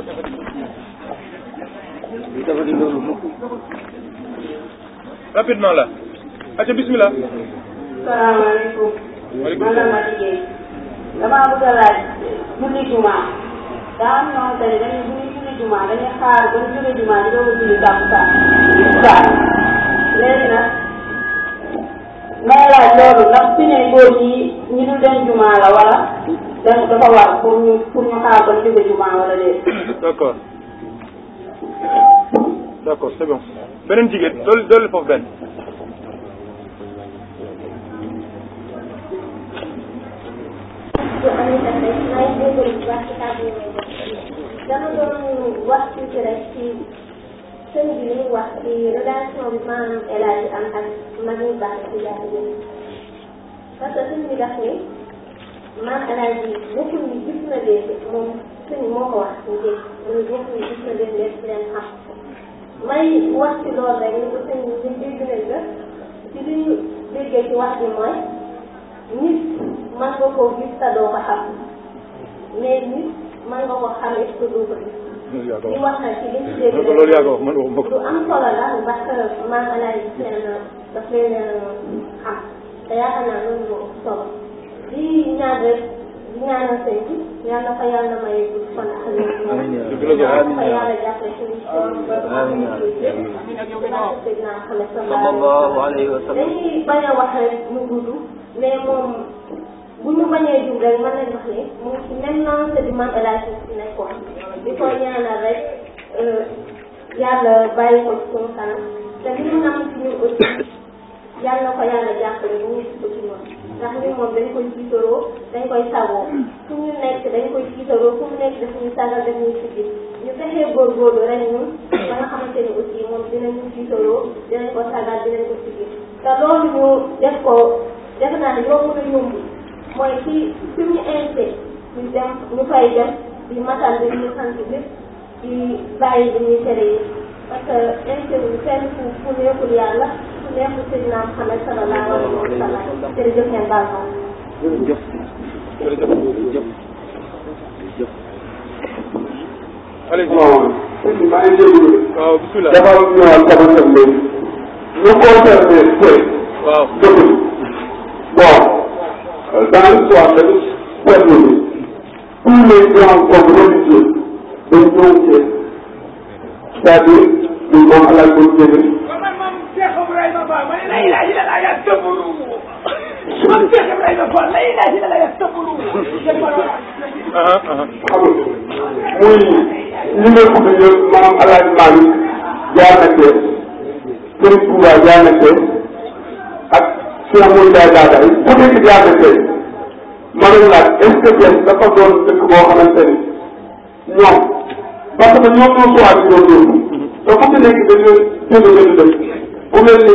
ko defati du defati loolu mukk rapidement la aca bismillah salaamaaleykum man la Mati Gueye damaa bëgg a laaj julli juma daa am ñoo xam ne dañuy julli julli juma dañuy xaar ba julli juma di doog a julli tàkkusaan léegi nag may laaj loolu ndax fi ne góor yi ñu dul dem juma la wala dafa dafa war pour ñu pour ñu xaar ba jóge jumaa wala déet. d'accord d'accord c'est bon beneen jigéen dolli dolli foofu benn. dama doon wax tuuti rek ci sëñ bi li mu wax ci relation bi maanaam El Hadj am ak mag ñu baax ci jaay parce que sëñ bi daf ni maam Alaaji nekkul ni gis na leen moom suñu moo ko wax ñu dégg mu ne nekkul ni gis na leen may wax ci loolu rek ni ko sëñ bi ñu dégg nañ la ci li ñu déggee ci wax ji mooy nit man nga koo gis te doo ko nit man nga ko xam est-ce que doo ko gis loolu wax na ci li la parce que maam Alaaji seen daf leen xam te yaakaar naa loolu moo solo lii ñu ñaan rek ñu ñaanal sëñ bi yal na ko yàlla may gudd fan ak wér. amiin yal na ko yàlla jàppale sëñ bi. amiin dañuy bañ a wax rek mu gudd mais moom bu ñu bañee jub rek mën nañu wax ne mu ci même lancé bi man élargi si nekkoon di ko ñaanal rek euh, yàlla bàyyi ko ci suñu kanam te li mu nam ci ñun aussi yal na ko yàlla jàppale bu ñu ci bëgg noonu. ndax ñun moom dañ koy jiitaroo dañ koy sagoo fu ñu nekk dañ koy jiitaroo fu mu nekk daf ñuy sagal daf ñuy siggi ñu fexee góorgóorlu rek ñun ba nga xamante ni aussi moom dinañ ko jiitaroo dinañ ko sagal dinañ ko siggi te loolu ñu def ko def naa ne yomb na yomb mooy ci fi ñu invité ñu dem ñu fay dem di matal bi ñu sant lépp di bàyyi di ñuy tere yi parce que invité wuñu fenn fu fu neexul yàlla fu neexul sëñ naam xamal sallallahu alayhi wa sallam jërëjëf ngeen baal ma. jërëjëf jërëjëf jërëjëf. allo. maa ngi déglu. waaw bisimilah. dafa am ñu naan sama sëñ bi. lu concerné tey. waaw dëgg bon dans l'histoire dañu seetlu ni tous les grands hommes religieux dañ ñëw c'est-à-dire du moom El Hadj Diouf man Cheikh Ibrahima Fall lay laaj la lay tëbbalu. xam nga muy li nga tudd yëpp maanaam Alaaji Maalik jaar na tey Sëriñ Tuuba jaar na tey ak Cheikh Moussa Diatta yi ku nekk jaar na tey ma ne laaj est-ce que kenn dafa doon dëkk boo xamante ni ñoom parce que ñoom ñoo suwaat ñoo doon te fu ci nekk dañoo jënd benn dëkk bu mel ni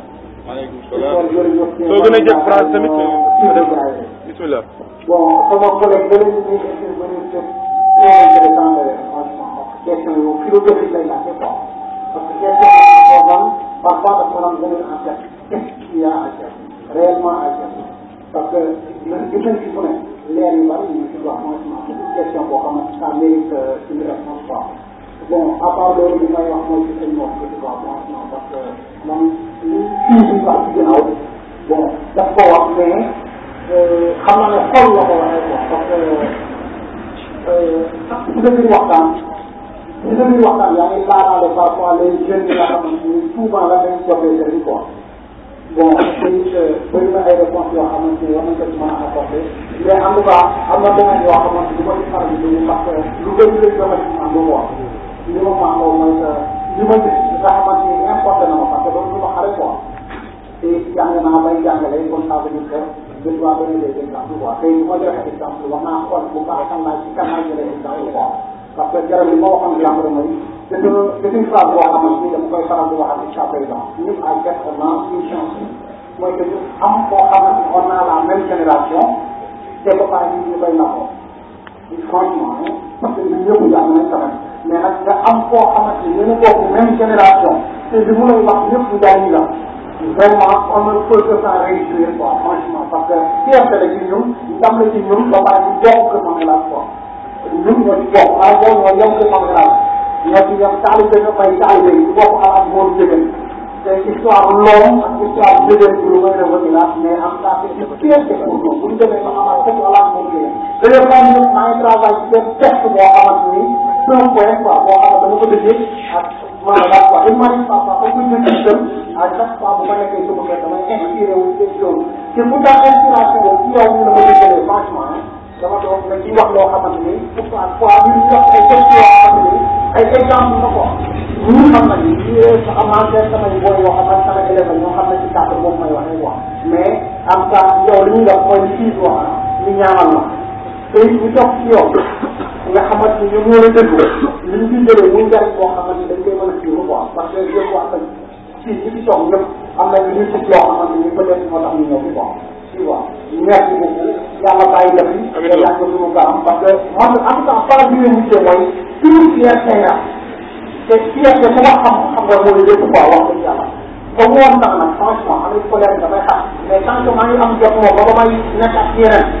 maaleykum salaam soo gën a jël France tamit euh, bisimilah. bon sama collègue beneen bi question philosophique lay laajte quoi parce que question parfois daf ma doon gën a en tête qu'est-ce qu'il y a à faire réellement à faire parce que gis nañ ci fu ne leer yu bari ñu ci wax franchement question boo xam ne ça mérite euh, une réponse quoi bon à part loolu li may wax mooy ci seen moom franchement parce que. moom li fii suñu wax ci ginnaaw bon daf ko wax mais xam na ne xol la ko waxee quoi parce que si dëgg waxtaan si dëgg waxtaan yaa ngi laalaale parfois les jeunes yi nga xamante ni souvent la dañ jotee jëriñ quoi bon te it bëri na ay réponses yoo xamante ni war nañ ko ci mën a apporter mais en tout cas am na domaine yoo xamante ni ma ci faral di parce que lu bëri lañ domaine bi am ba quoi li ma maandoo mooy que li ma gis nga xamante ni importé na ma parce que a lu ma xale quoi te jàng naa a jàngale kon ça veut dire que je dois donner des exemples quoi tey bu ma joxe exemple wax naa xool bu baax kan laa ci kan laa jëlee exemple quoi parce que jarab yi ma waxoon gendarmerie c'est une c'est une phrase boo xamante ni dama koy faral di waxal ci présent ñun ay quatre ans une chance mooy que ñu am koo xamante a la même génération te ba pare ñu koy naqoo franchement parce que ñun ñëpp jàng nañ tamit mais nag nga am koo xamante ni ñu bokk même génération te li mu lay wax ñëpp njariñ la vraiment on ne peut que s'en réjouir quoi franchement parce que fierté la ci ñun ndam la ci ñun ba pare ñu bokk kër Mangelane quoi ñun ñoo ci bokk maanaam boobu ñoo yem kër Mangelane ñoo ci yem taalibe ñu fay taalibe yi bokk xalaat moom jëgën te histoire loom ak histoire jëgën bi lu may revenir mais am naa fi une fierté pour ñoom bu ñu demee ba xamaat fekk xalaat moom jëgën d'ailleurs man maa ngi travail ci benn texte boo xamante ni c'est un point quoi boo xamante dama ko dëggee ak maanaam quoi dañ maa yëg papa comme que ñu dem à chaque fois bu ma nekkee sama kër damay inspiré wu ci loolu te pourtant inspiration boobu ci yow dama dëggalee franchement dama doon nga ci wax loo xamante ni pourquoi quoi ñu jox ay questions yoo xamante ni ay exemple na ko ñun xam nañ ni ci am naa seen samay booy yoo xam ne sama élève ñoo xam ne ci kàddu moom may waxee quoi mais en tout cas yow li ñu def mooy six mois ñu ñaanal ma tey ñu topp ci yoon nga xamante ni ñoom ñoo la déglu li ñu ciy jëlee muy njariñ boo xamante ni dañ koy mën a suivre quoi parce que yëpp wax tamit fii ñi ci toog ñëpp am nañ lu ñu loo xamante ni peut être moo tax ñu ñëw fi quoi tu vois merci beaucoup yàlla bàyyi la fi amiin yàlla ko suñu garam parce que man en tout cas par bi ñu mujjee mooy toujours fierté nga te fierté ku ma xam xam nga mooy lépp quoi wax dëgg yàlla ba mu woon tax nag franchement avec collègue damay xam mais tant que maa ngi am jot moom ba ba may nekk ak yeneen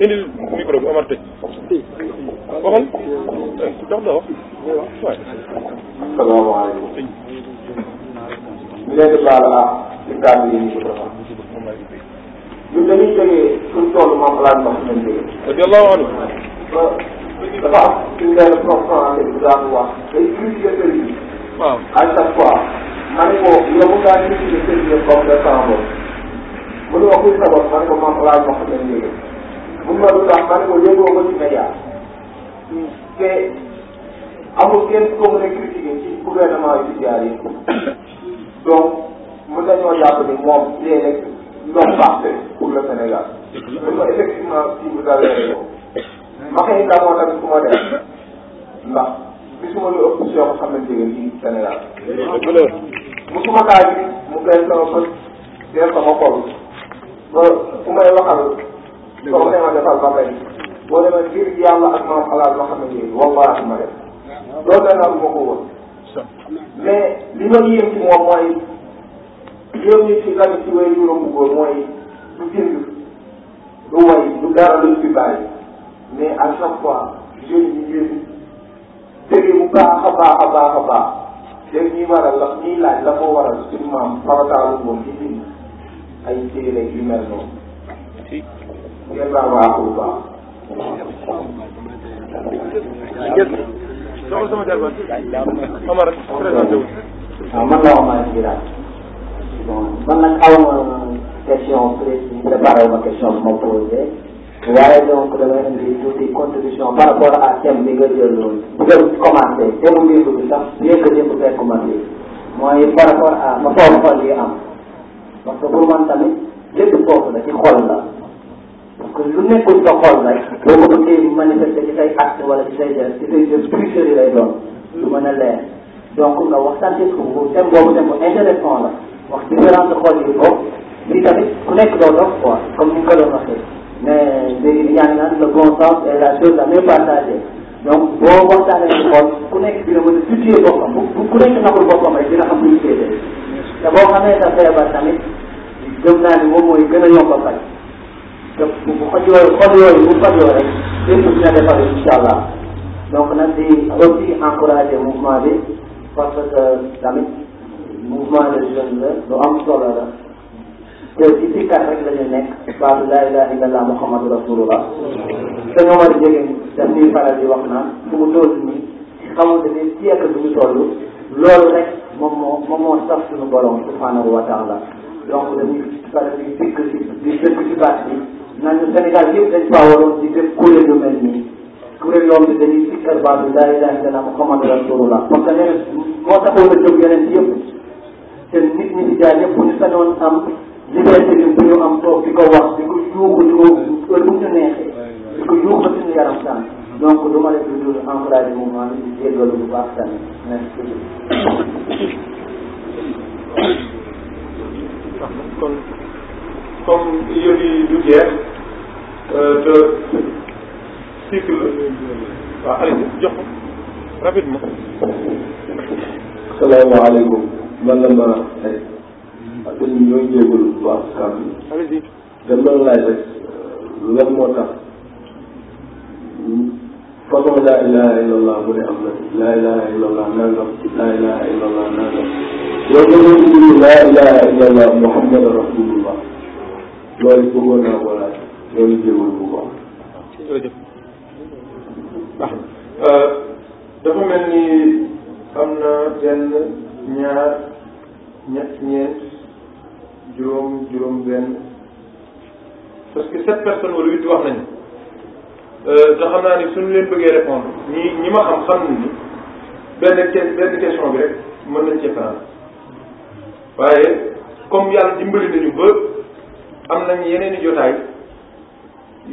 indil micro bi Omar tëj waxoon dox da wax waay salaamaaleykum léegi baal naa ci kàddu yi ñu ma suñu jógee radiallahu anhu dafa am suñ benn conférence bi ma ne ko yow mu ngaa critiquer kër yi ma kuy ma ne Mouhamadou Ba ma ne ko yëngoo ko ci média te amul kenn ko mën a critiqué ci gouvernement yu jaar yi donc mën nañoo jàpp ni moom day nekk ndox baax pour le Sénégal. dëgg la effectivement si vous avez raison. ma xëy na moo tamit ku ma def ndax gisuma lu ëpp si yoo xamante ne nii Sénégal. musuma kaa gis mu benn sama bët benn sama xol ba ku may waxal. boo demee defal ba tey boo demee ngir yàlla ak maam xalaat loo xam ne nii wallaahi ma def loolu la naan ma ko woon mais li ma yéem ci moom mooy yéem ñu ci lan ci wéy juróom bu góor mooy du bind du way du dara luñ fi bàyyi mais à chaque fois jeunes yi ngeen dégg bu baax a baax a baax a baax dégg ñuy waral la ñuy laaj la ko waral suñu maam farataalu woon ci bind ay téere yu mel noonu ngeen baal ma àqu bu baax. waaw man la Omar Birame. bon man nag aw ma question précise préparé ma question bu ma posé. waaye donc damay indi tuuti contribution par rapport à thème bi nga jël loolu. bu ngeen commencé thème bi bi sax bien que démb fekkuma fi mooy par rapport à ma foofu xol yi am parce que pour man tamit lépp foofu la ci xol la. kon lu nekkul sa xol rek boo ko bëggee di manifester ci say acte wala ci say geste ci say geste préféré lay doon lu mën a leer donc nga waxtaan ko bu thème boobu thème bu intéressant la wax différence xol yi foofu lii tamit ku nekk doo dox quoi comme ni nga ko doon waxee mais léegi di ñaan naan le bon sens est la chose la mieux partagée donc boo waxtaanee ci xol ku nekk dina mën a situer boppam bu ku nekk naxul boppam rek dina xam lu ñu féetee te boo xamee sa feebar tamit gëm naa ni moom mooy gën a yomb a faj bu xojoo xojoo bu xojoo rek lépp dina defar incha allah donc nag di aussi encourager mouvement bi parce que tamit mouvement de jeune la lu am solo la te ci sikkat rek la ñu nekk baatu laa ilaha illallah muhammadu rasulullah sëñ Omar Jege daf ñuy faral di wax naan fu mu toll nii xamul ne ni siècle bu ñu toll loolu rek moom moo moom moo saf suñu borom subhanahu wa taala donc dañuy faral di dikk ci di dëkk ci baat bi nañu Sénégal yëpp dañ faa waroon di def kuréel yu mel nii kuréel yoo xam ne dañuy sikkar baat bi laa ilaaha illallaah Muhammadu rasuulullaah parce que nee na moo taxoon a jóg yeneen yëpp te nit ñi di jaar ñëpp ñu sañoon am liberté bi bu ñu am toog di ko wax di ko yuuxu di ko heure bu ñu neexee di ko yuuxu ba suñu yaram sànn donc du ma def lu dul encouragé mouvement bi di jéggalu bu baax tamit merci kon comme yëf yi du jeex euh, te cycle la waaw Aliou jox ko rapidement. asalaamaaleykum man la Mara Seck. ak ñun ñoo jégalu bu baax kàddu gi. allez-y. dem na laaj rek euh, lan moo tax façon laa ilaha illallah mu ne am na laa ilaha illallah nangam laa ilaha illallah nangam. yow nga doon laa ilaha illallah muhammad rasulullah loolu bëggoon naa euh, dafa mel ni am na benn ñaar ñett ñeent juróom juróom benn parce que sept personnes wala huit wax nañu euh, te xam naa ni suñ leen bëggee répondre ñi ñi ma xam xam ni benn benn question bi rek mën nañ ci faral waaye comme yàlla dimbali nañu ba am nañ yeneen i jotaay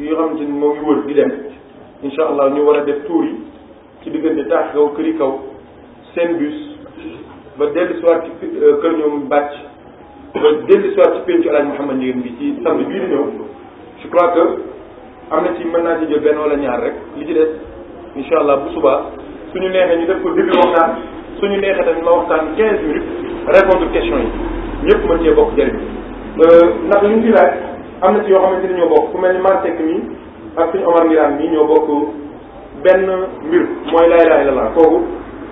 yoo xamante ni moo ngi wër di dem incha allah ñu war a def tuur yi ci diggante taax kaw këri kaw seen bus ba dellu soir ci euh, kër ñoom bàcc ba dellu soir ci pencu alaaj Mouhamad Ndiéguène bi ci samedi bii di ñëw je crois que am na ci mën naa ci jël benn wala ñaar rek li ci des incha allah bu subaa suñu neexee ñu def ko début waxtaan suñu neexee tamit ma waxtaan 15 minutes répondre question yi ñëpp mën cee bokk jëriñ Euh, ndax li ñu fi laaj am na ci yoo xamante ni ñoo bokk ku mel ni Marsek mi ak suñu Omar Ngiraan mi ñoo bokk benn mbir mooy laa ilaaha illallaah kooku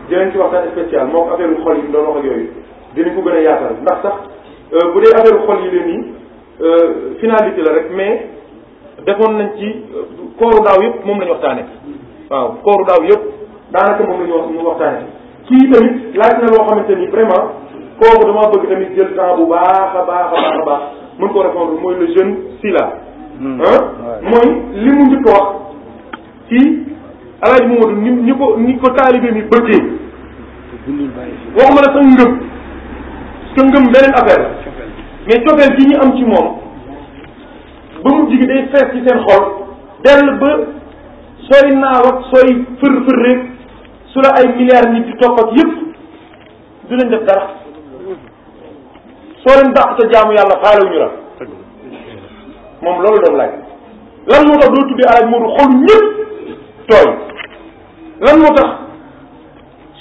dinañ ci waxtaan spécial moo ko affaire xol yi doon wax ak yooyu dinañ ko gën a yaatal ndax sax euh, bu dee affaire xol yi la nii euh, finalité la rek mais defoon nañ ci kooru daaw yëpp moom la waxtaane waaw kooru daaw yëpp daanaka moom la wax ñu waxtaane kii tamit laaj na loo xamante ni vraiment foofu damaa bëgg tamit jël temps bu baax a baax baax baax mën ko répondre mooy le jeune Sylla hmm. mooy li mu njëkk wax ci alaaji Mamadou ni ni ko ni ko taalibe mi bëggee waxuma la sa ngëm sa ngëm beneen affaire mais cofeel gi ñu am ci moom ba mu jigi day fees ci seen xol dell ba sooy naaw sooy fër fër rek su la ay milliards nit di topp ak yëpp def dara soo leen dàq sa jaamu yàlla faale wu ñu la moom loolu doon laaj lan moo tax doo tuddee alaaj Moodu xol ñëpp tooy lan moo tax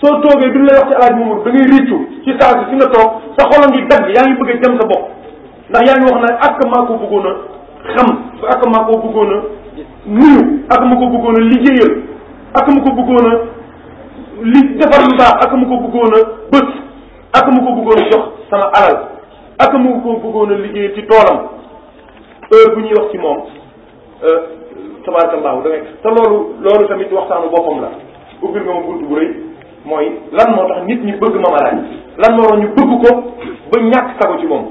soo toogee duñ la wax ci alaaj Moodu da ngay ci saa si fi nga toog sa xol a ngi dagg yaa ngi bëgg a jëm sa bopp ndax yaa ngi wax na ak maa ko bëggoon a xam ak maa ko bëggoon a nuyu ak ko bëggoon a liggéeyal ak ko bëggoon li defar lu baax ak ko bëggoon a bët ak ko bëggoon a jox sama alal ak mu ko bëggoon a liggéey ci toolam heure bu ñuy wax ci moom euh, tabarakallahu da ngay te loolu loolu tamit wax waxtaanu boppam la ubbil nga ma bunt bu rëy mooy lan moo tax nit ñi bëgg Mame Alhaji lan moo tax ñu ko ba ñàkk sago ci moom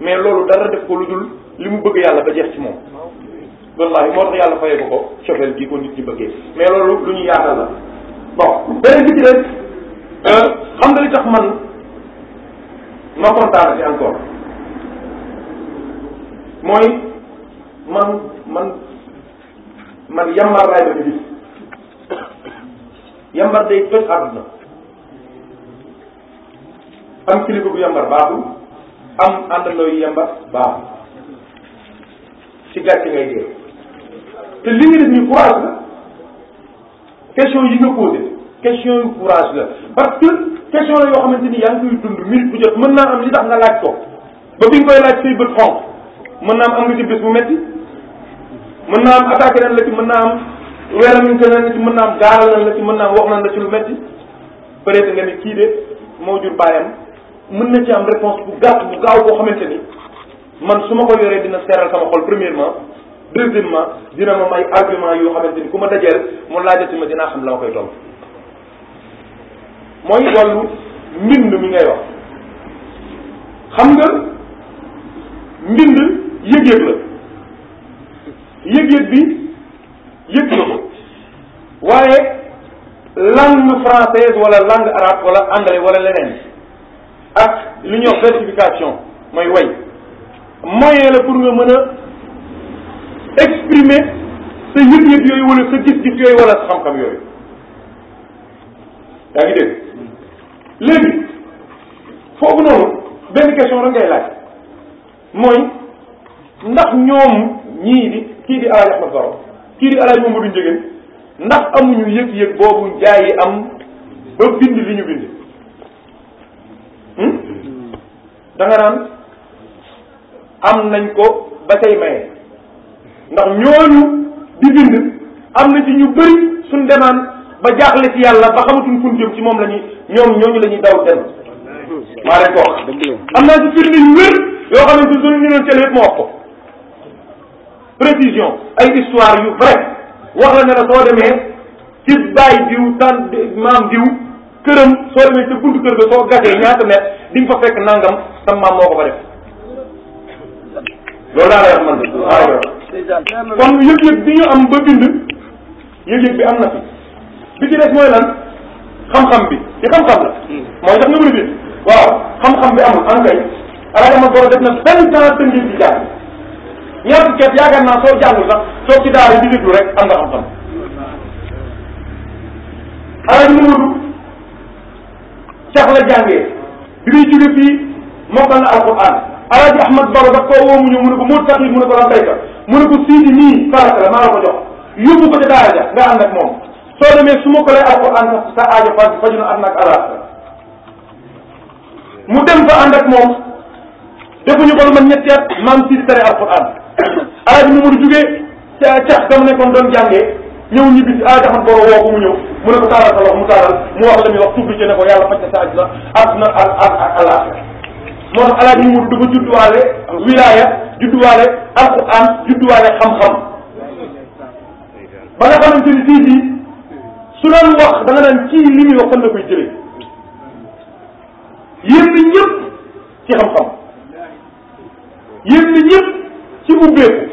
mais loolu dara def ko lu dul li mu bëgg yàlla ba jeex ci moom wallahi moo tax yàlla fayee ko ko cofeel gi ko nit ñi bëggee mais loolu lu ñu yaatal la bon beneen bi ci des euh, xam nga li tax man ma kontaan ci encore mooy man man man yambar laay bëgg gis yambar day toj àdduna am kilifa bu yambar baaxul am àndandoo yu yambar baaxul ci gàcce ngay dee te li nga def ni courage la question yi nga posé question yu courage la parce que question la yoo xamante ni yaa ngi koy dund minute bu jot mën naa am li tax nga laaj ko ba bi nga koy laaj say bët xonq mën naa am am nga ci bés bu metti mën naa am attaqué nan mën naa am weeramin ko nan mën naa am gaaral nan la ci mën naa am wax na la ci lu metti peut-être nga ne kii de moo jur bàyyam mën na ci am réponse bu gàtt bu gaaw boo xamante ni man su ma ko yoree dina seeral sama xol premièrement deuxièmement dina ma may argument yoo xamante ni ku ma dajeel mu laajati ma dinaa xam la ma koy mooy wàllu mbind mi ngay wax xam nga mbind yëg-yëg la yëg-yëg bi yëg na ko waaye langue française wala langue arabe wala anglais wala leneen ak li ñuy wax mooy way moyen la pour nga mën a exprimer sa yëg-yëg yooyu wala sa gis-gis yooyu wala sa xam-xam yooyu yaa ngi dégg léegi foofu noonu benn question rek ngay laaj mooy ndax ñoom ñii di kii di alaaj Ahmad Baro kii di alaaj Mamadou Ndiéguène ndax amuñu yëg-yëg boobu jaay am ba bind li ñu bind hmm? da nga naan am nañ ko ba tey maye ndax ñooñu di bind am na ci ñu bëri suñ demaan ba jaaxle ci yàlla ba xamatuñ fu ñu ci moom la ñuy ñoom ñooñu la ñuy daw dem maa leen wax am naa ci firnde yu wér yoo xam ne ñu doon teel yëpp ma wax ko précision ay histoire yu vrai wax la ne la soo demee ci bàyyi diw tan maam diw këram soo demee ca buntu kër ga soo gasee ñaata mètre di fa fekk nangam sa maam moo ko fa def loolu daa lay wax man de kon yëg-yëg bi ñu am ba bind yëg-yëg bi am na fi bi ci des mooy xam-xam bi ci xam-xam la. mooy tax nga mën a bind waaw xam-xam bi amul en fait alaaka ma boole def na vingt ans te ngir di jàng ñaata ket yaakaar naa soo jàngul sax soo ci daara di déglu rek am nga xam-xam. alaaka ma wut cax la jàngee bi muy jóge fii mokkal na alquran Alaaji Ahmad Baro daf koo woo mu ñëw mu ne ko Modou Sakhi mu ne ko lan béykat mu ne ko sii di nii farata la maa la ko jox yóbbu ko ca daara ja nga ànd ak moom. soo demee su ma ko lay alquran sa aajo faj faju na àdduna ak àllaaxira mu dem fa ànd ak moom defuñu ko lu man ñetti ñëw ñibbi si alaaji Axmad Boro mu ñëw mu ne mu wax la muy wax tuuti ci ne ko yàlla faj na sa àdduna àdduna ak ak àllaaxira moo tax alaaji Mamadou dafa judduwaale wilaaya judduwaale alquran judduwaale xam-xam ba nga xamante ni sii su doon wax da nga naan kii li muy wax fan la koy jëlee yéen ñëpp ci xam-xam yéen ñëpp ci ubbeeku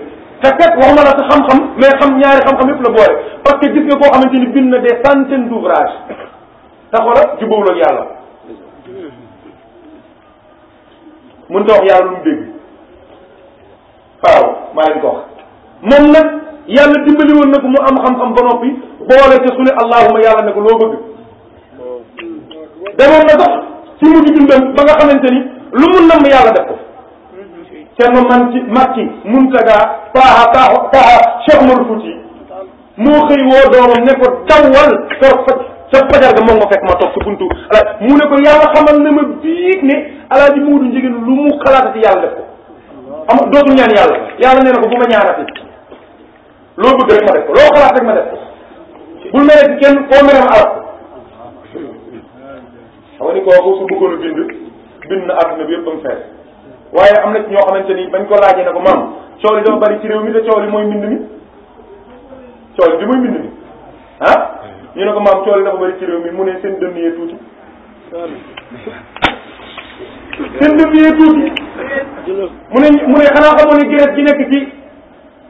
te kat waxuma la sa xam-xam mais xam ñaari xam-xam yëpp la boole parce que gis nga koo xamante ni bind na des centaines d'ouvrages te xoola jubóowul ak yàlla mën ta yàlla lu mu waaw maa leen ko moom nag yàlla dimbali woon na ko mu am xam-xam ba noppi boole ca su ne allahuma yàlla ne ko loo bëgg demoon na sax ci mujj dundam ba nga xamante ni lu mu yàlla def ko kenn man ci makki muntaga paaxa paaxa paaxa sa fajar ga moom nga fekk ma toog sa buntu mu ne ko yàlla xamal na ma biig ne alaaji muudu njigéen lu mu xalaatati yàlla def ko am dootul ñaan yàlla yàlla nee na ko bu ma ñaanati lool bëgg rek ma def ko loo kenn koo mere ma arab xam nga ni kooku su bëggoon a bind na àdduna bi yëpp waaye am na ci ñoo xamante ni bañ ko laajee ne ko maam coow li dafa bari ci mi te coow li mooy mbind mi coow li bi mooy mbind mi ah ñu ne ko maam coow dafa bari ci réew mi mu ne seen dënn yee tuuti seen dënn yee tuuti mu ne mu ne xanaa xamoon ne gëreet gi nekk ci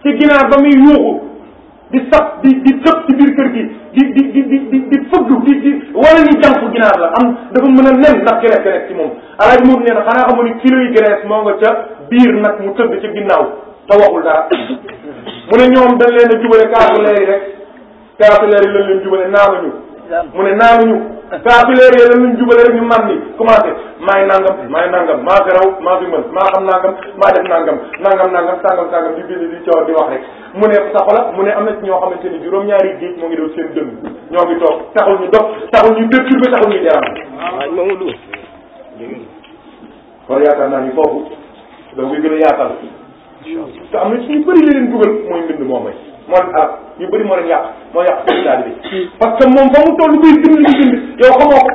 ci ginaar ba muy yuuxu di sab di di sëb ci biir kër gi di di di di di di di wala ni jànku ginaar la am dafa mën a nen ndax graisse graisse ci moom alaaj moom nee na xanaa xamu ni kilo yi graisse moo nga ca biir nag mu tëdd ci ginnaaw te waxul mu ne ñoom dañ leen a jubale kaasu leer rek kaasu leer leen jubale naa nga ñu mu ne naawuñu saa bi léegi yéen luñ jubale rek ñu man ni commencé maay nangam maay nangam maa fi raw maa fi mën maa xam nangam maa def nangam nangam nangam sangam sangam di bind di coow di wax rek mu ne sa xola mu ne am na ci ñoo xamante ni juróom-ñaari géej moo ngi doon seen dënn ñoo ngi toog taxul ñu dox taxul ñu déttur ba taxul ñu jaram kon yaakaar naa ni foofu da koy gën a yaatal te am na ci ñu bëri leen dugal mooy mbind moomay moom arab yu bëri moo leen moo yàq seen taalibe bi parce que moom fa mu toll biy bind li bind yow xamoo ko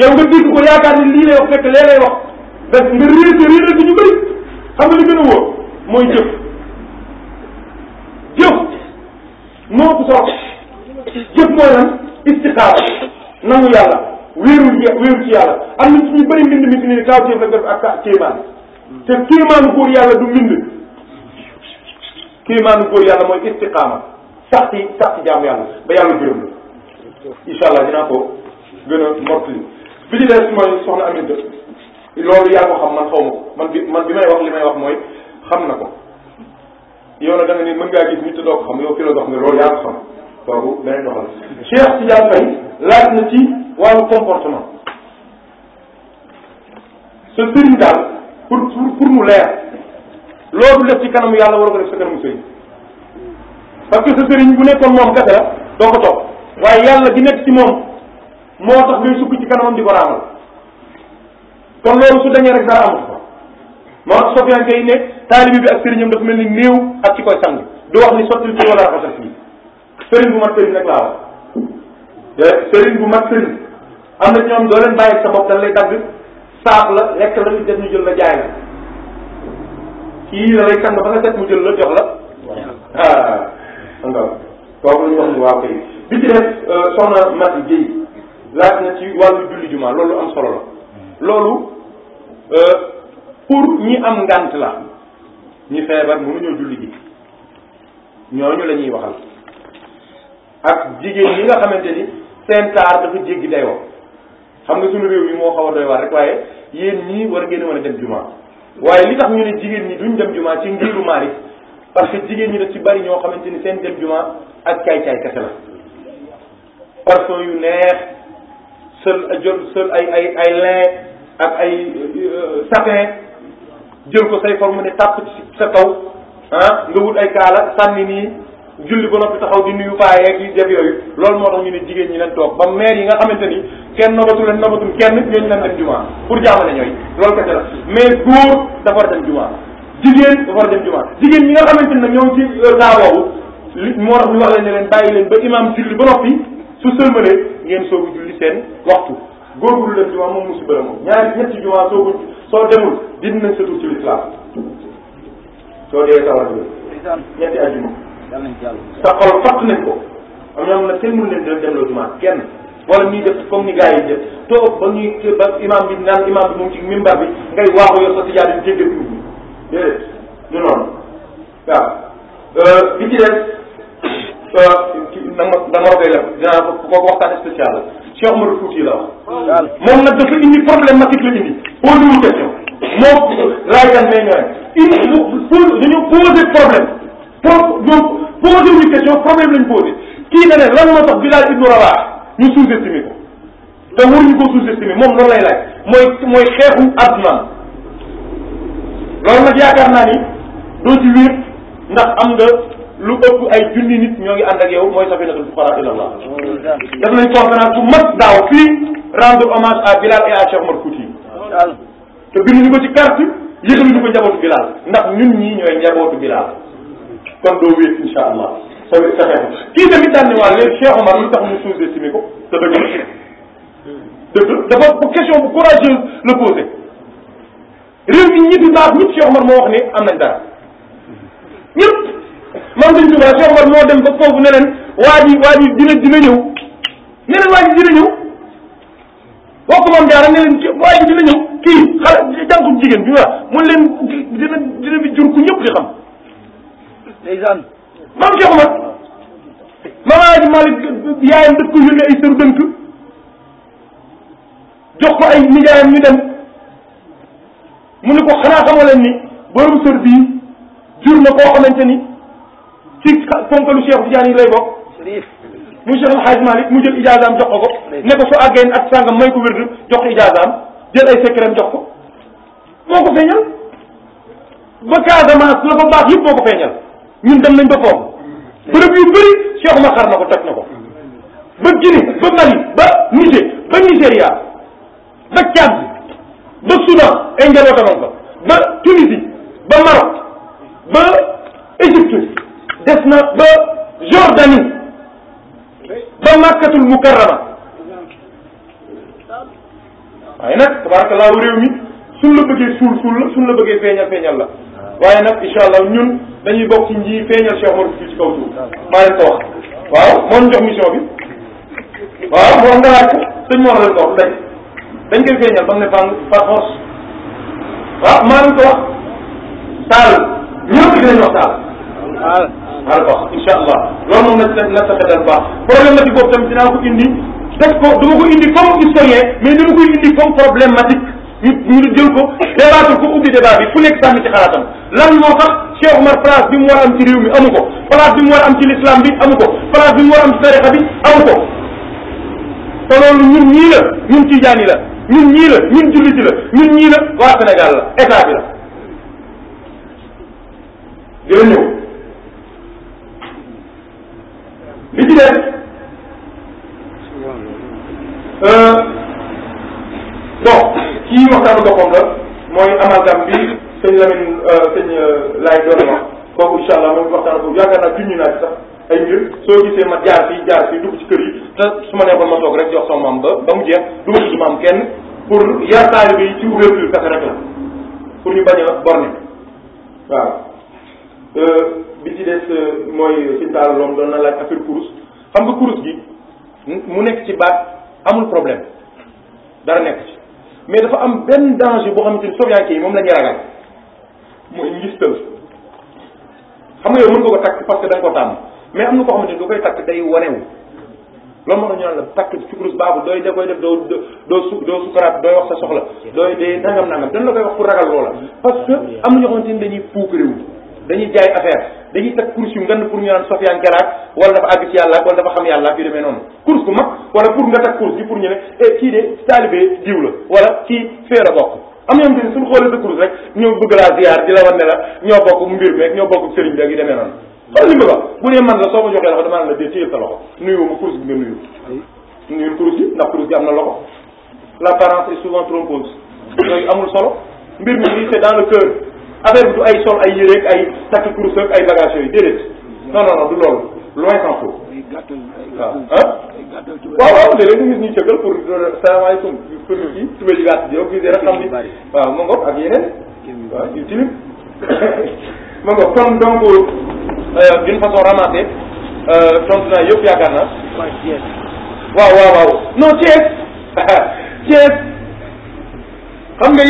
yow nga dégg ko yaakaar ni lii lay wax fekk lee lay wax da nga réer réeral bi ñu bëri xam nga li gën a wóor mooy jëf jëf moo ko soxla jëf mooy lan istixaara nangu yàlla wéeru wéeru ci yàlla am na suñu bëri mbind mi fi ne kaw téef la def ak kéemaan te kéemaanu pour yàlla du mbind kéemaanu góor yàlla mooy istiqaama sax ci sax ci jaamu yàlla ba yàlla ko gën a mottali bi ci des mooy soxna Aminata loolu yaa ko xam man xaw ma ko man bi may wax li may wax mooy xam na ko yow nag da ni mën ngaa gis nit te doo ko xam yow nga loolu yaa ko xam kooku beneen doxal Cheikh Tidiane Faye laaj na ci wàllu comportement sa sëriñ daal pour pour pour mu loolu def ci kanamu yàlla war ko def sa kanamu sëriñ parce que sa sëriñ bu nekkoon moom kese la doo ko topp waaye yàlla di nekk ci moom moo tax ngay sukk ci kanamam di ko raamal kon loolu su dañee rek dara amatu ko moo tax Sofyaan bi ak sëriñam ni néew ak ci koy sang du wax ni sottil bu mat sëriñ nag bu mat sëriñ am na ñoom doo leen bàyyi sa bopp dañ lay dagg saaf la lekk la ñu def ñu jël la jaay la kii la lay kànd ba nga set mu jël la jox la ah nga kooku la ñu wax ni waa koy bi ci def euh, soxna Mati Guèye laaj na ci wàllu julli jumaa loolu am solo la loolu euh, pour ñi am ngant la ñi feebar mënuñoo julli ji ñooñu la ñuy waxal ak jigéen ñi nga xamante ni seen taar dafa jéggi dayoo xam nga suñu réew yi moo xaw a doy waar rek waaye yéen ñii war ngeen a mën a dem jumaa waaye li tax ñu ne jigéen ñi duñ dem jumaa ci ngiru Malik parce que jigéen ñi la ci bari ñoo xamante ni seen dem jumaa ak caay-caay kese la parfum yu neex sol ay ay ay lin ak ay euh, satin jël ko say forme ne tàpp ci sa kaw ah nga wut ay kaala sànni nii julli ba noppi taxaw di nuyu paayeeg yi def yooyu loolu moo tax ñu ne jigéen ñi leen toog ba maire yi nga xamante ni kenn nobatu leen nobatul kenn ñooñu leen dem jumaa pour jaamale ñooy loolu kese la mais góor dafa war a dem jumaa jigéen dafa war a dem jumaa jigéen ñi nga xamante ni nag ñoom ci saa euh, moo tax ñu wax leen ne leen bàyyi leen ba imaam julli ba su sëlmalee ngeen soogu julli seen waxtu góor gu dul dem jumaa moom musiba la moom ñaari ñetti jumaa soogu soo demul dinañ sa tur ci lislaam soo dee sawar sa xol fàtt nañ ko o ñoom nag kenn mënu leen dem demloo jumaa kenn wala ñuy def comme ni gars yi toog ba ñuy ba imam bi naan imam bi mu ngi ci mimbar bi ngay waaxu yor di jéggal nit ñi déedéet ñu noonu waaw li euh, ci def euh, nag ma da nga koy def dinaa ko waxtaan spécial la Cheikh Oumar Fouti la wax moom nag dafa indi problématique la indi posé wu question moom raay pro ñoom posé problème lañ posé kii da ne lan moo tax Bilal ibnu Rabah ñu sous-estimé ko te waruñu koo sous-estimé moom loolu lay laaj mooy mooy xeexu addunaam loolu nag yaakaar naa ni doo ci wér ndax am nga lu ëpp ay junni nit ñoo ngi ànd ak yow mooy safinatul fuqara ila Allah def nañ conférence bu mag daaw fii rendre hommage à Bilal et à Cheikh Omar Fouti te binduñu ko ci carte yëgaluñu ko njabootu Bilal ndax ñun ñii ñooy njabootu Bilal kon doo wéet incha allah sa sa xeetu kii tamit daan ne waa léegi Cheikh Omar lu tax ñu sous-estimé ko te dëgg dëgg dafa bu question bu courageuse la posé réew mi ñi di baax ñëpp Cheikh Omar moo wax ne am nañ dara ñëpp man dañ tubaab Cheikh Omar moo dem ba foofu ne leen waa ji waa ji dina dina ñëw ne leen waa ji dina ñëw boo ko moom jaara ne leen waa ji dina ñëw kii xale jànku jigéen bi waa mun leen dina dina bi jur ku ñëpp di xam ndeysaan maam Cheikh Omar maam Alaaji Malick yaayam daf ko yónnee ay sër dënk jox ko ay nijaayam ñu dem mu ne ko xanaa xamoo leen ni borom sër bii jur na koo xamante ni ci fonkalu Cheikh Tidiane yi lay bokk mu Cheikh El Hadj Malick mu jël ijaazaam jox ko ko ne ko soo àggee ak sàngam may ko wérdu jox ko ijaazaam jël ay secret jox ko moo ko feeñal ba Casamance la ko baax yëpp moo ko feeñal ñun dem nañ ba foofu bërëb yu bëri Cheikh Makhar na ko toj na ko ba Guinée ba Mali ba Niger ba Nigéria ba Tchad ba Soudan ay njabootamam ko ba Tunisie ba Maroc ba Égypte des na ba Jordanie ba Makkatul Mukarrama waaye nag tabaarakallahu réew mi suñ la bëggee suul suul la suñ la bëggee feeñal feeñal la waaye nag incha allah ñun dañuy bokk ci ñi feeñal Cheikh Oumar Foutiyou kaw suuf maa leen ko wax waaw moo ñu jox mission bi waaw moo nga laaj ko sëñ Mor leen ko wax dañ dañ koy feeñal ba mu ne fang par force waaw maa leen ko wax taal ñëpp dinañ wax taal waaw maa ko wax incha allah loolu moom na na sa xelal baax problématique boobu tamit dinaa ko indi def ko dama ko indi comme historien mais dama koy indi comme ñu ñu jël ko débattre ko ubbi débat bi fu nekk sànni ci xalaatam lan moo tax Cheikh Omar place bi mu war a am ci réew mi amu ko place bi mu war a am ci l'islam bi amu ko place bi mu war a am ci tarixa bi amu ko te loolu ñun ñii la ñun tijaani la ñun ñii la ñun julliti la ñun ñii la waa Sénégal la état bi la dina ñëw li ci def euh, bon kii waxtaanu boppam mooy amalgame bi sëñ Lamine euh, sëñ euh, laay doon wax kooku incha bi moom waxtaan boobu yaakaar naa junj naa ci ay mbir soo gisee ma jaar fii jaar fii dugg ci kër yi te su ma nekkoon ma toog rek jox sama maam ba ba mu jeex du ma ci maam kenn pour yar taalibe yi ci pour ñu bañ a borne waaw euh, bi ci des mooy sëñ Talla na laaj affaire kurus xam nga kurus gi mu nekk ci baat amul problème dara nekk ci mais dafa am benn danger boo xamante ni sovianke yi moom la ñu ragal mooy ngistal xam nga yow mën nga ko takk parce que da ko tàmm mais am na koo xamante ni du koy takk day wanewu loolu moo tax ñu naan la takk sucrus baabu dooy da koy def doo doo su doo sukaraat dooy wax sa soxla dooy dee nangam nangam dañ la koy wax pour ragal loola parce que am na ñoo xamante ni dañuy puuk réew dañuy jaay affaire dañuy teg course yu ngand pour ñu naan Sofiane Galaat wala dafa àgg ci yàlla wala dafa xam yàlla yu demee noonu course bu mag wala pour nga teg course bi pour ñu ne eh de taalibe diw la wala kii fee bokk am na yeneen suñu xoolee sa course rek ñoo bëgg laa ziar di la wan ne la ñoo bokk mu mbir meeg ñoo bokk sëriñ beeg yu demee noonu xam li ma wax bu dee man la soo ma joxee loxo damaa ne la dee téyel sa loxo nuyu ma course course amul solo mbir mi lii c'est dans affaire bi du ay sol ay yéreeg ay takk kurus ak ay bagages yooyu déedéet non non non du loolu loin s'en faut waaw ah, ah? waaw waaw léeg-léeg ñu gis ñuy cëkkal pour euh, salaamaaleykum pour kii tubé ji gàtt joo gisee rek xam ni waaw ma kon donc euh, d'une façon ramassée euh, tontu naa yëpp yaakaar naa waaw waaw waaw non Thiès Thiès xam mooy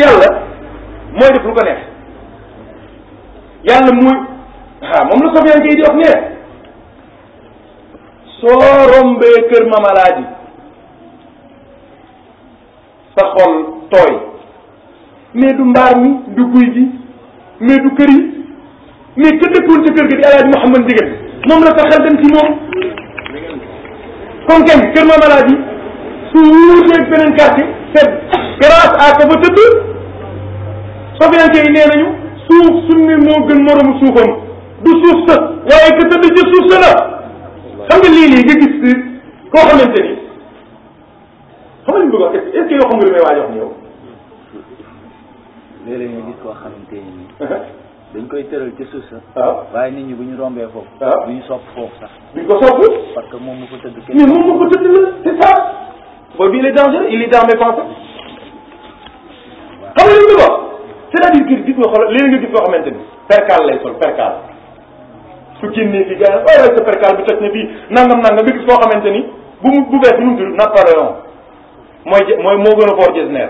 def lu ko neex yàlla muy ah, moom la Sofyaan kay di wax ne soo rombee kër mamalaaji sa xol tooy mais du mbaar mi du guy gi mais du kër yi mais ka dëkkoon ca kër ga di alaaji Mouhamad Ndieguène moom la sa xel dem ci moom kon kenn kër mamalaaji su wuuteeg beneen quartier c'est grâce à que ba tëdd Sofyaan kay nee nañu suuf suñ ne moo gën moromu suufam du suuf waaye ka tëdd ci suuf sa la xam nga lii nii gis koo xamante ni xam nga li mu bëgg a wax est-ce que yoo xam nga li may waaj wax ni yow. léeg-léeg nga gis koo xamante ni. dañ koy tëral ci suuf sa. waaw ah. waaye nit ñi bu ñu rombee foofu. waaw ah. bu ñu sopp foofu sax. bu ñu ko sopp. parce que moom mu ko tëdd kenn. mais mu ko tëdd la c'est ça. boobu il est dangereux il est dans mes pensées. xam nga li mu bëgg c'est-à-dire que gis nga xool léegi nga gis loo xamante ni percale lay sol percale su génnee fi gars waaye waaye sa percale bi toj na fii nangam nangam nga gis loo xamante ni bu mu bu bees bi nu mu tudd Napoléon mooy je mooy moo gën a fort Gisner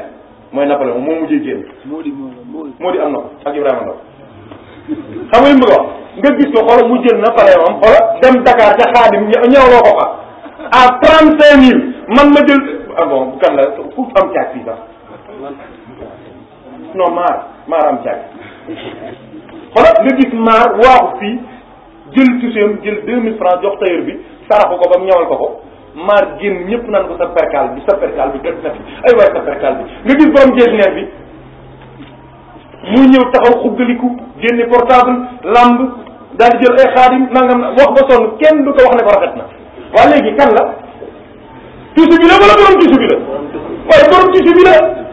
mooy Napoléon moo mujjee génn. moo di moo di am na ko ak Ibrahima Ndao xam nga li mu bëgg a wax nga gis ko xoolal mu jël Napoléon am xoolal dem Dakar ca Xaadim ñëwloo ko fa à trente cinq mille man ma jël ah bon bu kan la ku am caag fii sax. non maar maar am caag xoolal nga gis maar waaxu fii jël tuseem jël 2000 francs jox tailleur bi saraxu ko ba mu ñawal ko ko maar génn ñëpp naan ko sa percal bi sa percal bi jot na fi ay waay bi nga gis bi muy ñëw taxaw xuggaliku génne portable lamb daal di jël ay xaadim nangam wax ba sonn kenn du ko wax ne ko rafet na waa léegi kan la tusu bi la wala borom tusu bi la waaye borom tusu bi la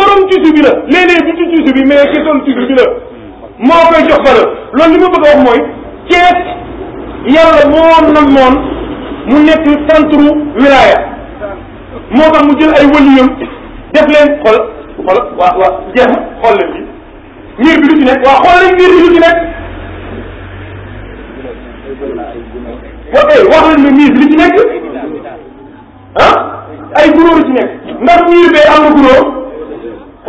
borom tissu bi la léeg-léeg du bi mais ki doon bi la moo koy jox valeur loolu li ma bëgg a wax mooy Cees yàlla moo namoon mu nekk centre wilaya moo tax mu jël ay wëliyam def leen xol waa waa jeex na xool leen miir bi lu ci nekk waa xool leen miir bi lu ci nekk wa kay eh, la miir bi lu ci nekk ah ay gunóor ci nekk ndax miir bee am na gunóor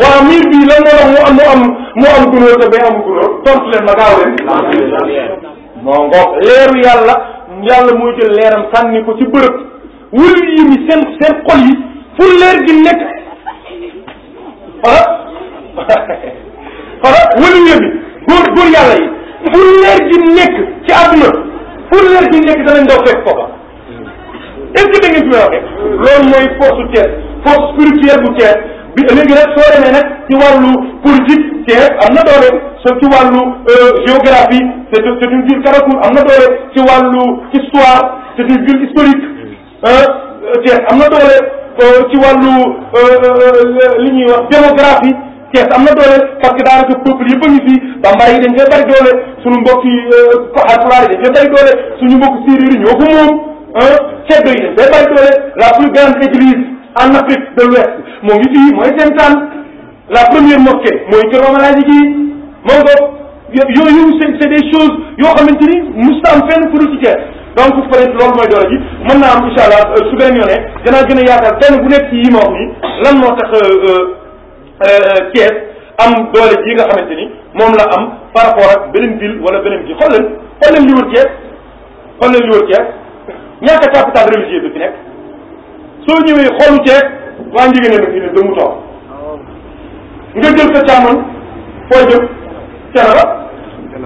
waaw miir bii lan moo tax mu am mu am mu am gunóor te bay am gunóor tontu leen ma gaaw leen moo ngoog leeru yàlla yàlla mooy jël leeram sànni ko ci bërëb wëlu yi mi seen seen xol yi fu leer gi nekk ah ah leer gi nekk ci àdduna fu leer gi nekk danañ daw fekk foofa est ce que fi may waxee loolu mooy force su Thiès force spirituelle bu Thiès bi léegi nag soo demee nag ci wàllu am na doole soo ci wàllu euh, géographie c'est c'est une ville Carrefour am na doole ci wàllu histoire c'est une ville historique euh, am na doole euh, ci wàllu li ñuy wax démographie Thiès am na doole parce que daanaka peuple yëpp a ngi fi bambara yi dañ koy bari doole suñu mbokk yi Haalpulaar yi dañ koy bari doole suñu mbokk séeréer yi ñoo ko moom ceddo yi dañ koy bari doole la plus grande en Afrique de l'Ouest moo ngi fii mooy seen tànn la première mosquée mooy kër Mamadou Guèye moo ko yooyu c'est c'est des choses yoo xamante ni mosut am fenn ku donc peut être loolu mooy doole ji mën naa am incha allah euh, su beneen yoone danaa gën a yaatal benn bu nekk ci yi ma wax lan moo tax euh, euh, Thiès am doole ji nga xamante ni moom la am par rapport ak beneen ville wala beneen kii xool leen xool leen li wër Thiès xool leen li wër ñaata capital religieux bi soo ñëwee xolu ceeb waa njigéen nag ñu ne dëmu toog nga jël sa càmmoñ fooy jëm canara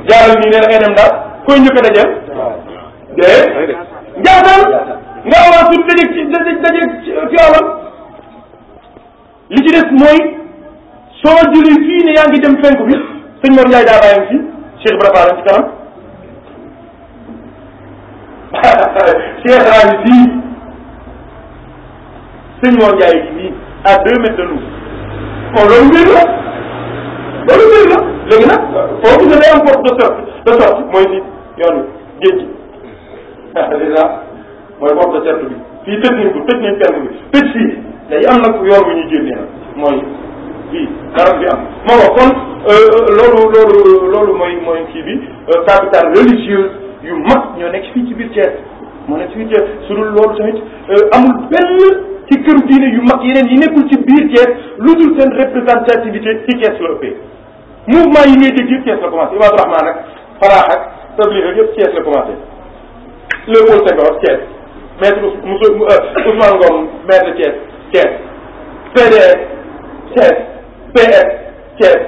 jaaral nii nee na ngay dem daal koy nga awaa sut dajeeg ci dajeeg dajeeg li ci des mooy soo jëlee fii ne yaa ngi dem fenk bi sëñ Mor Ndiaye daa bàyyam ci Cheikh Ibrahima ci kanam Cheikh Rami sëñ Mor Ndiaye gi nii à deux mètres de nous bon loolu mbir loolu mbir la léegi nag foofu ne day mooy nit yoonu géej gi ah dèjà mooy porte de sortie bi fii tëj nañ ko tëj nañ kenn bi tëj fii day am nag yoon wi mooy bi am moo wax kon euh, loolu loolu loolu mooy mooy kii bi euh, capital religieuse yu mag ñoo nekk fii ci biir Thiès moo nekk ci biir Thiès su dul ci këru diine yu mag yeneen yi nekkul ci biir Thiès lu dul seen représentativité ci Thiès la ëppee mouvement yi ngay dégg yëpp Thiès la commencé Ibadou Rahman ak Farah ak Tabligh ak yëpp Thiès la commencé Léopold Senghor Thiès maître Ousmane Ngom maire de Thiès Thiès PDS Thiès PS Thiès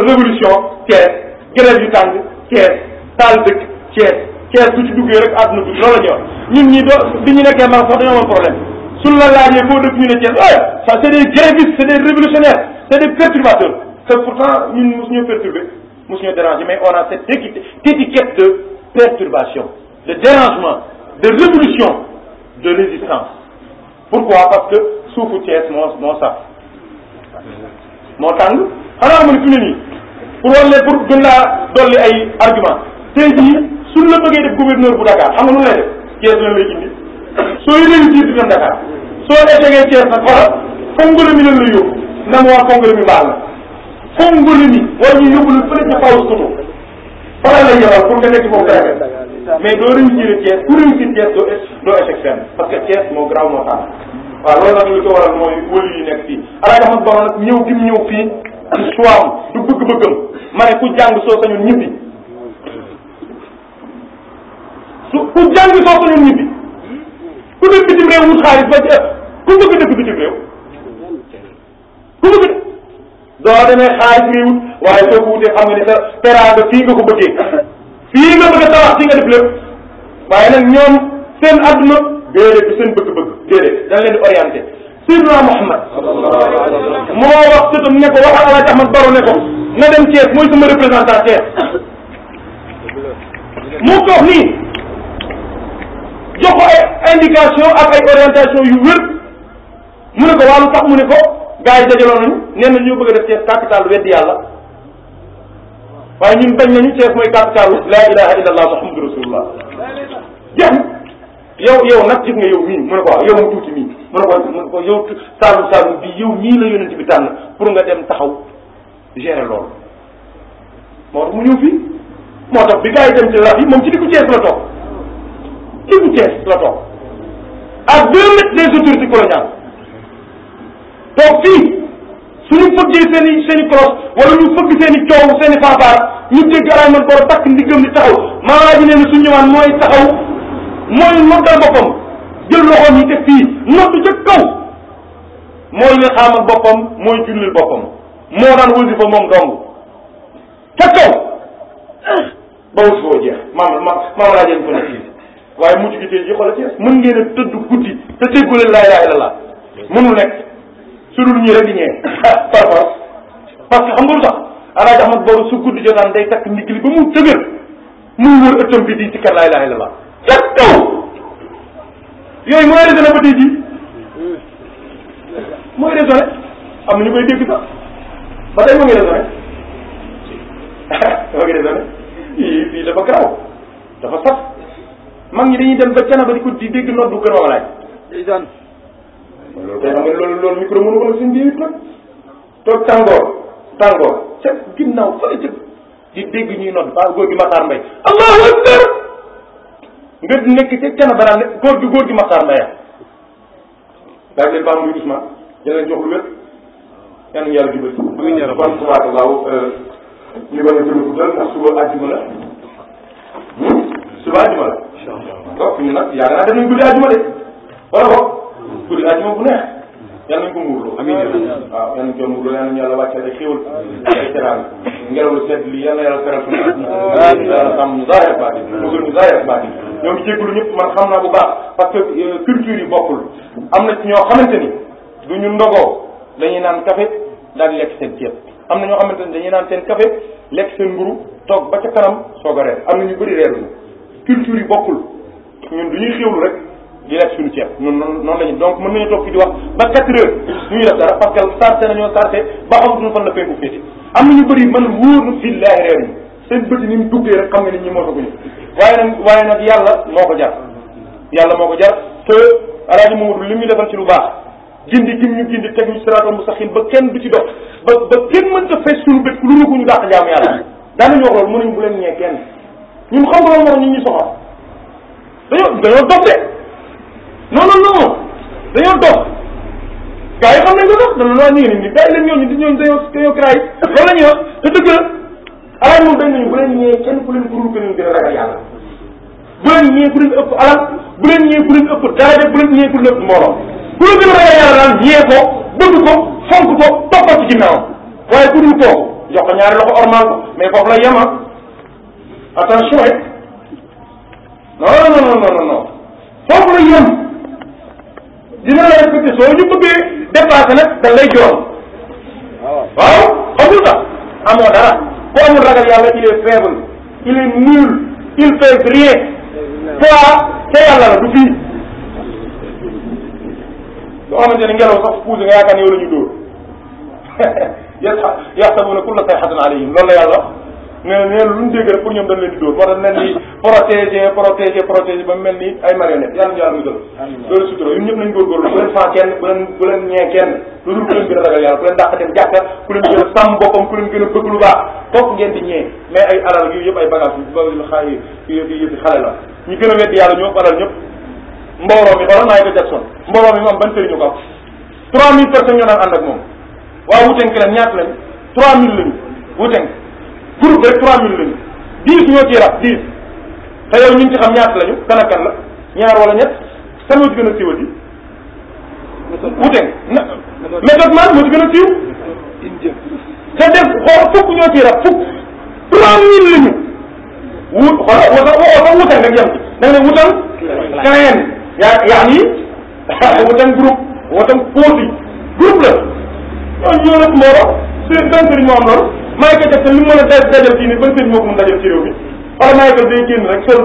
révolution Thiès grève yu tàng Thiès taal dëkk Thiès Cees bu ci duggee rek àdduna bi loolu la ñuy wax ñun ñii doo bi ñu nekkee ndax sax dañoo amoon problème suñu la laajee foo dëkk ñu e Cees ah ça c'est des grévistes c'est des révolutionnaires c'est des perturbateurs te pourtant ñun mosu ñu perturbé mosu ñu dérangé mais on a cette étiquette de perturbation de dérangement de révolution de résistance pourquoi parce que suufu Cees moo moo saf moo tàng xanaa ma ne fi mu ne nii pour wan ay argument tey suñ la bëggee def gouverneur bu Dakar xam nga nu lay def Thiès lan lay indi sooy réussir soo échecgee Thiès nag xoolal fongole mi lan la yóbbu na mu wax fongole mi mbaal la fongole mi war ñu yóbbu la fële la yebal pour nga nekk foofu Dakar mais doo réussir Thiès ku réussir Thiès doo doo échec fenn parce que Thiès moo graw moo tax waaw loolu nag li ko waral mooy wëlu yu nekk fii du bëgg-bëggam ma ne ku jàng soo sañoon ñibbi su ku jàngi soo sañoon ñibbi ku dëkk bitim réew wut xaalis ba ku bëgg bitim réew ku bëgg dëkk doo demee xaalis ngay wut waaye soo ko wutee xam nga ni fii nga ko fii nga bëgg a tabax fii nga def lépp waaye nag ñoom seen adduna déedéet du seen bëgg-bëgg déedéet dañ leen di orienté Seydina Mouhamad moo wax sëtam ne ko waxal El Hadj Ahmad Baro ko na dem Thiès mooy sama représentant Thiès moo ko wax nii jox ko ay indication ak ay yu wér mu ne ko waalu tax mu ne ko gars yi dajaloo nañu nee na ñu bëgg a def Thiès capital weddi yàlla waaye ñun bañ nañu Thiès mooy capital la ilaha illallah muhammadu rasulullah jeex yow yow nag gis nga yow mii mu ne ko waaw mu tuuti mii mu ne ko mu ne ko bi yow mii la yonent bi tànn pour nga dem taxaw gérer loolu moo tax mu ñëw fii moo tax bi gars yi dem ci laaj yi moom ci diggu Thiès la toog ci bu Thiès la toog à deux mètres des autorités coloniales toog fii suñu fëggee seen i seen i crosse wala ñu fëgg seen i coow seen i fanfaar ñu dégg man borom takk ndigam ni taxaw maanaam ji nee na su ñëwaan mooy taxaw mooy noddal boppam jël loxoom yi teg fii noddu ca mooy li xaamal boppam mooy jullil boppam moo daan wasifa moom dong ca kaw ba wasifa jeex maam maam laa jël ko ne fii waaye mujj gi tey jii xoolal ci mën ngeen a tëdd guddi te déggu leen laa ilaaha illallaah mënul nekk su dul ñu rek di ñëwee par force parce que xam nga lu tax alaaji Ahmad booru su guddi jotaan day takk ndigg mu dëgër muy wër ëttam bi di ci kar laa ilaaha illallaah ca kaw yooyu mooy raisonné ba tey jii mooy raisonné am na ñu koy dégg sax ba tey moo ngi raisonné moo ngi raisonné fii dafa garaaw dafa sax man ñi dañuy dem ba di ko di dégg nodd bu kër ma laaj. ndeysaan. loolu kay xam nga loolu loolu micro mënu ko nag suñ biir nag. toog tàngoor tàngoor ca di dégg ñuy nodd ba góor gi Matar Mbaye allahu akbar nga nekk ca canaba daal ne góor gi góor gi Matar Mbaye ah. daal leen baax muy doucement yéen a jox lu wér yal nañu yàlla jubal. amiin yàlla kon subhanallaah euh, ñu bañ a jënd ku dal ndax suba àjjuma la hmm? suba àjjuma la. donc ñu nag yaakaar naa def nañ guddi ajuma de wala boog guddi ajuma bu neex yal nañ ko muurloo amiin waaw yal nañ ko muurloo yal nañu yàlla wàccee ay xéwal ay teraan ngelaw lu sedd li yal na yàlla feral suñu àdduna yàlla sàmm ñu zaahir baatin dugal ñu zaahir baatin ñoo ngi jégalu ñëpp man xam naa bu baax parce que euh, culture yi bokkul am na ci ñoo xamante ni du ñu ndogoo dañuy naan café daal di lekk seen ceeb am na ñoo xamante ni dañuy naan seen café lekk seen mburu toog ba ca kanam soog a reer am na ñu bëri reeruñu culture yi bokkul ñun du ñuy xéwlu rek di lekk suñu ceeb noonu noonu lañu donc mën nañu toog fii di wax ba quatre heures parce que sarté nañoo sarté ba xamatuñu fan la fekku féete ñu bëri man wóor na fii ñu seen bëti ni mu duggee rek xam nga ni ñi mosaguñu waaye nag waaye yàlla moo ko jar yàlla moo ko jar te alaaji Mamadou li mu defal lu baax gindi gim ñu gindi teg ñu siraatal mustaqiim ba kenn du ci dox ba ba lu ñu dàq jaamu yàlla daanañu wax loolu mënuñ bu leen ñee kenn ñun xam nga loolu ñun ñu soxal dañoo dañoo dof de non non non dañoo dof gars yi xam nañ ko dof dañu naan nii nii bàyyi leen ñooñu di ñooñu dañoo dañoo craay loolu la ñuy wax te dëgg la alal moom dañ nañu bu leen ñëwee kenn ku leen ku dul keneen gën a ragal yàlla bu leen ñëwee ku leen ëpp alal bu leen ñëwee ku leen ëpp daraja bu leen ñëwee ku leen ëpp mbooloo ku leen gën a ragal yàlla daal ñëwee ko bëgg ko fonk ko toppal ci ginnaaw waaye ku dul toog jox ko ñaari loxo ormal ko mais foofu la yema ah. attention rek non non non non non foofu la yem dina la respecté soo ñu bëggee dépassé nag da lay jox waaw xamul sax amoo dara ku amul ragal yàlla il est faible il est nul il fait rien toi ca yàlla la du fii loo xamante ne ngelaw sax puus nga yaakaar ne yow la ñu dóor yàq yàq na kulla sayxatin alayhim loolu la yàlla wax mais nee na lu ñu dégg rek pour ñoom dañ leen di dóor moo tax nen di protéger protéger protéger ba mel ni ay marionnette yàlla ñu yàlla musal loolu sutura ñun ñëpp nañ góorgóorlu bu leen faa kenn bu leen bu kenn lu dul ku gën a ragal yàlla ku leen dem jàkka ku leen gën a sàmm boppam ku gën a bëgg lu baax di ñee mais ay alal yu yëpp ay bagage yu xaa yi yëpp xale la ñu gën a weddi yàlla ñoo alal mi xoolal naa ko Jackson mbooloo mi mu am ban sëriñu ko am groupe rek 3000 lañu 10 ñoo ciy rab 10 te yow ñu ngi ci xam ñaata lañu kan la ñaar wala ñett sa moo ci gën a siiwati. wute na méthode man moo ci gën a siiw. te def xool fukk ñoo ciy rab fukk 3000 lañu wut xoolal wota woo sax wutal rek ne wutal. keneen yaa yaa nii wutal groupe wutal poche yi groupe la. ñooñu ñoo la mbooloo seen gàncax am loolu. Michael Jackson li mu mën a daj dajal fii nii ban sëriñ moo ko mën dajal ci réew mi wala Michael day génn rek sol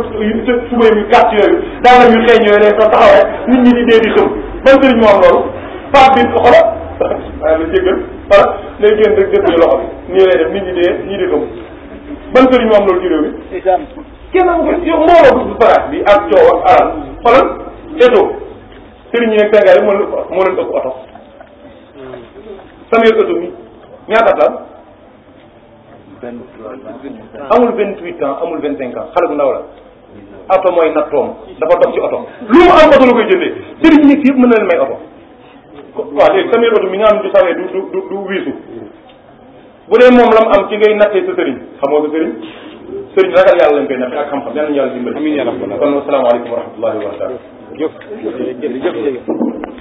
subay yu gàtt yooyu daanaka yu xeeñ yooyu day soo taxaw rek nit ñi di dee di xëm ban sëriñ moo am loolu Pape bi xola waaye la jéggal wala day génn rek jëf loxo bi nii lay def nit ñi dee ñii di xëm ban sëriñ moo am loolu ci réew mi kenn am ko yow mbooloo bu baraat bi ak coow ak alal xoolal eto sëriñ yi nekk Sénégal yi moo leen ëpp oto hmm. Samuel Eto'o mi ñaata at la amul vingt huit ans amul vingt cinq ans xale bu ndaw la oto mooy nattoom dafa dox ci oto lu mu am oto la koy jëndee sëriñ yi yëpp mën na leen may oto waaw léegi samir oto mi nga am du sawee du du du wiisu bu dee moom la mu am ci ngay nattee sa sëriñ xamoo sa sëriñ sëriñ ragal yàlla lañ koy nattee ak xam-xam yàlla nañu yàlla dimbali amiin kon asalaamaaleykum wa rahmatullahi wa barakatu